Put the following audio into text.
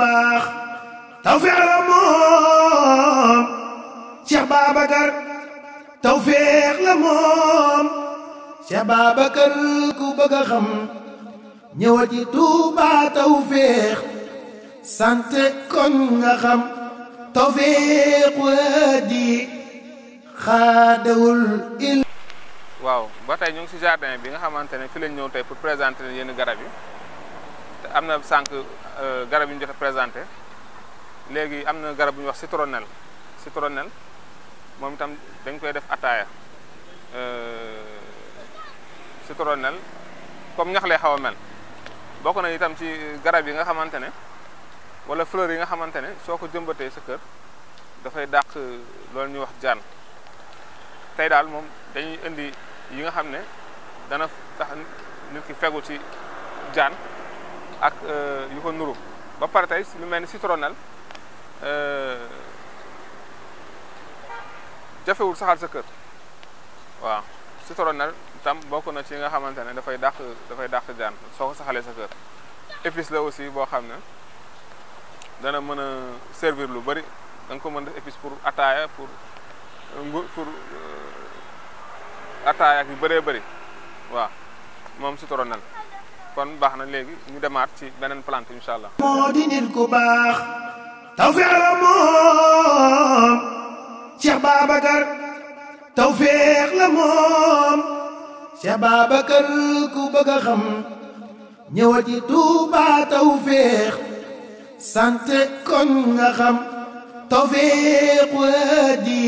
baax tawfeex la moom Cheikh Babacar tawfeex la moom Cheikh Babacar ku bëgg a xam ñëwaat yi Touba tawfeex sante kon nga xam tawfeex waa di xaadawul il waaw ba tey ñu ci jardin bi nga xamante ne fi lañ ñëw tey pour présenter leen yenn garab yi am na sànq euh, garab yu ñu jot a présenté léegi am na garab bu ñuy wax citronnelle citronnelle moom itam dañ koy def ataaya euh, citronnelle comme ñax lay xaw a mel bokk na itam ci garab yi nga xamante ne wala fleur yi nga xamante ne soo ko jëmbatee sa kër dafay dàq euh, loolu ñuy wax jaan tey daal moom dañuy indi yi nga xam ne dana tax nit ki fegu ci jaan ak euh, yu ko nuru ba pare tey lu mel ni citronnelle euh, jafewul saxal sa kër waaw citronnelle tam bokk na ci nga xamante ne dafay dàq dafay dàq jaan soo ko saxalee sa kër épice la aussi boo xam ne dana mën a servir lu bari da ko mën def épice pour ataaya pour ngu pour euh, ataaya ak yu bëree bari waaw moom citronnelle kon baax na léegi ñu demaat ci beneen plante incha allah. moo di nit ku baax tawfeex la moom Cheikh Babacar tawfeex ku bëgg a xam ñëwati Touba tawfeex sante kon nga xam tawfeex waa ji.